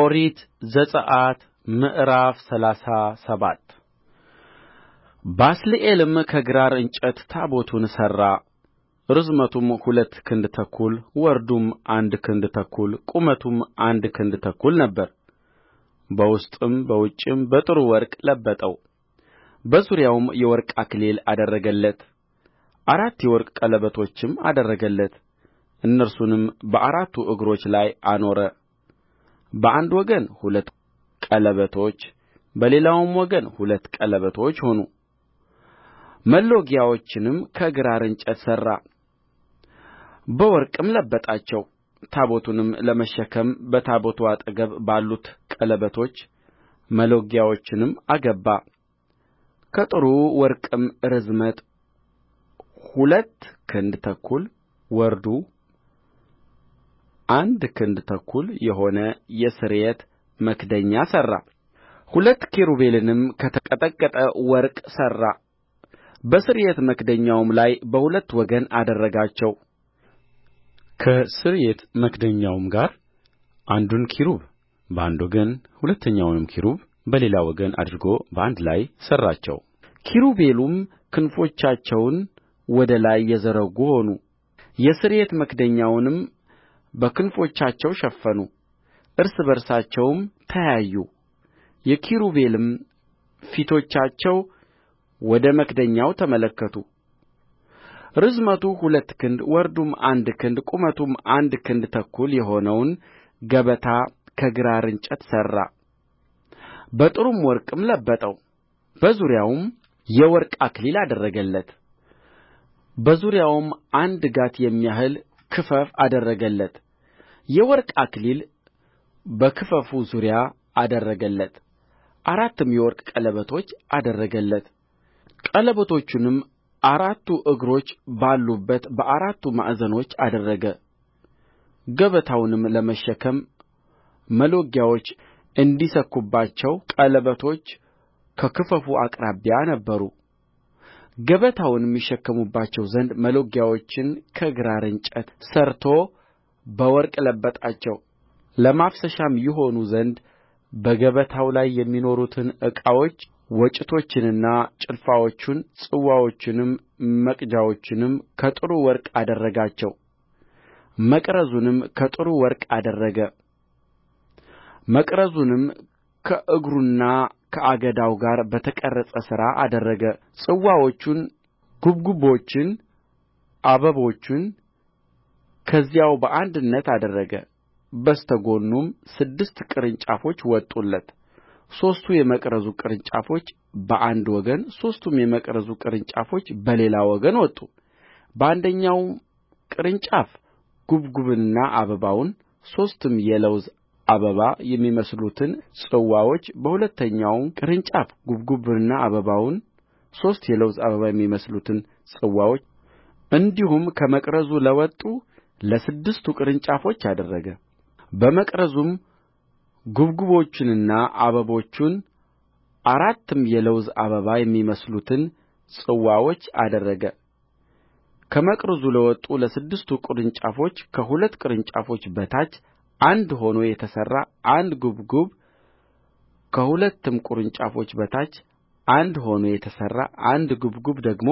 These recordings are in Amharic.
ኦሪት ዘጽአት ምዕራፍ ሰላሳ ሰባት ባስልኤልም ከግራር እንጨት ታቦቱን ሠራ ርዝመቱም ሁለት ክንድ ተኩል ወርዱም አንድ ክንድ ተኩል ቁመቱም አንድ ክንድ ተኩል ነበረ በውስጥም በውጭም በጥሩ ወርቅ ለበጠው በዙሪያውም የወርቅ አክሊል አደረገለት አራት የወርቅ ቀለበቶችም አደረገለት እነርሱንም በአራቱ እግሮቹ ላይ አኖረ በአንድ ወገን ሁለት ቀለበቶች በሌላውም ወገን ሁለት ቀለበቶች ሆኑ መሎጊያዎቹንም ከግራር እንጨት ሠራ በወርቅም ለበጣቸው ታቦቱንም ለመሸከም በታቦቱ አጠገብ ባሉት ቀለበቶች መሎጊያዎቹንም አገባ ከጥሩ ወርቅም ርዝመት ሁለት ክንድ ተኩል ወርዱ አንድ ክንድ ተኩል የሆነ የስርየት መክደኛ ሠራ ሁለት ኪሩቤልንም ከተቀጠቀጠ ወርቅ ሠራ በስርየት መክደኛውም ላይ በሁለት ወገን አደረጋቸው ከስርየት መክደኛውም ጋር አንዱን ኪሩብ በአንድ ወገን ሁለተኛውንም ኪሩብ በሌላ ወገን አድርጎ በአንድ ላይ ሠራቸው። ኪሩቤሉም ክንፎቻቸውን ወደ ላይ የዘረጉ ሆኑ። የስርየት መክደኛውንም በክንፎቻቸው ሸፈኑ እርስ በርሳቸውም ተያዩ የኪሩቤልም ፊቶቻቸው ወደ መክደኛው ተመለከቱ ርዝመቱ ሁለት ክንድ ወርዱም አንድ ክንድ ቁመቱም አንድ ክንድ ተኩል የሆነውን ገበታ ከግራር እንጨት ሠራ በጥሩም ወርቅም ለበጠው በዙሪያውም የወርቅ አክሊል አደረገለት በዙሪያውም አንድ ጋት የሚያህል ክፈፍ አደረገለት የወርቅ አክሊል በክፈፉ ዙሪያ አደረገለት አራትም የወርቅ ቀለበቶች አደረገለት ቀለበቶቹንም አራቱ እግሮች ባሉበት በአራቱ ማዕዘኖች አደረገ ገበታውንም ለመሸከም መሎጊያዎች እንዲሰኩባቸው ቀለበቶች ከክፈፉ አቅራቢያ ነበሩ ገበታውንም ይሸከሙባቸው ዘንድ መሎጊያዎቹን ከግራር እንጨት ሠርቶ በወርቅ ለበጣቸው ለማፍሰሻም ይሆኑ ዘንድ በገበታው ላይ የሚኖሩትን ዕቃዎች ወጭቶቹንና ጭልፋዎቹን ጽዋዎቹንም መቅጃዎቹንም ከጥሩ ወርቅ አደረጋቸው መቅረዙንም ከጥሩ ወርቅ አደረገ መቅረዙንም ከእግሩና ከአገዳው ጋር በተቀረጸ ሥራ አደረገ ጽዋዎቹን ጉብጉቦቹን አበቦቹን ከዚያው በአንድነት አደረገ በስተ ጎኑም ስድስት ቅርንጫፎች ወጡለት ሦስቱ የመቅረዙ ቅርንጫፎች በአንድ ወገን ሦስቱም የመቅረዙ ቅርንጫፎች በሌላ ወገን ወጡ በአንደኛውም ቅርንጫፍ ጉብጉቡንና አበባውን ሦስትም የለውዝ አበባ የሚመስሉትን ጽዋዎች በሁለተኛውም ቅርንጫፍ ጕብጕቡንና አበባውን ሦስት የለውዝ አበባ የሚመስሉትን ጽዋዎች እንዲሁም ከመቅረዙ ለወጡ ለስድስቱ ቅርንጫፎች አደረገ በመቅረዙም ጕብጕቦቹንና አበቦቹን አራትም የለውዝ አበባ የሚመስሉትን ጽዋዎች አደረገ ከመቅረዙ ለወጡ ለስድስቱ ቅርንጫፎች ከሁለት ቅርንጫፎች በታች አንድ ሆኖ የተሠራ አንድ ጕብጕብ ከሁለትም ቅርንጫፎች በታች አንድ ሆኖ የተሠራ አንድ ጕብጕብ ደግሞ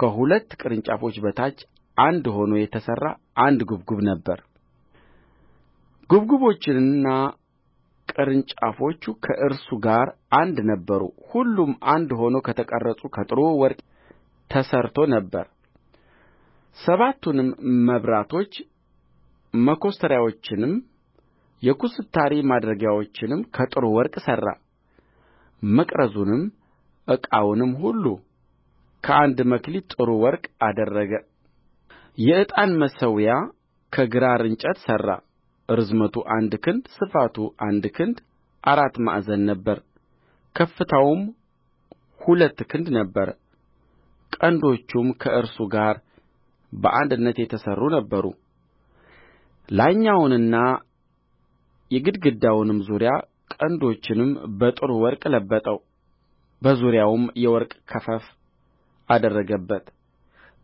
ከሁለት ቅርንጫፎች በታች አንድ ሆኖ የተሠራ አንድ ጕብጕብ ነበረ ጕብጕቦቹና ቅርንጫፎቹ ከእርሱ ጋር አንድ ነበሩ ሁሉም አንድ ሆኖ ከተቀረጹ ከጥሩ ወርቅ ተሠርቶ ነበር ሰባቱንም መብራቶች መኰስተሪያዎቹንም የኩስታሪ ማድረጊያዎቹንም ከጥሩ ወርቅ ሠራ መቅረዙንም ዕቃውንም ሁሉ ከአንድ መክሊት ጥሩ ወርቅ አደረገ የዕጣን መሠዊያ ከግራር እንጨት ሠራ ርዝመቱ አንድ ክንድ ስፋቱ አንድ ክንድ አራት ማዕዘን ነበረ ከፍታውም ሁለት ክንድ ነበረ ቀንዶቹም ከእርሱ ጋር በአንድነት የተሠሩ ነበሩ ላይኛውንና የግድግዳውንም ዙሪያ ቀንዶቹንም በጥሩ ወርቅ ለበጠው በዙሪያውም የወርቅ ክፈፍ አደረገበት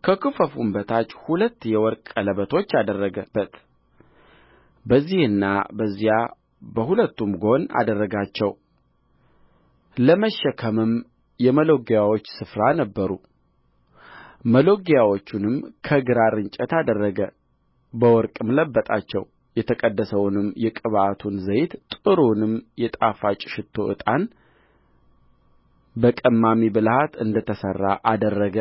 ከክፈፉም በታች ሁለት የወርቅ ቀለበቶች አደረገበት በዚህና በዚያ በሁለቱም ጎን አደረጋቸው ለመሸከምም የመሎጊያዎች ስፍራ ነበሩ መሎጊያዎቹንም ከግራር እንጨት አደረገ በወርቅም ለበጣቸው የተቀደሰውንም የቅብዓቱን ዘይት ጥሩውንም የጣፋጭ ሽቱ ዕጣን በቀማሚ ብልሃት እንደ ተሠራ አደረገ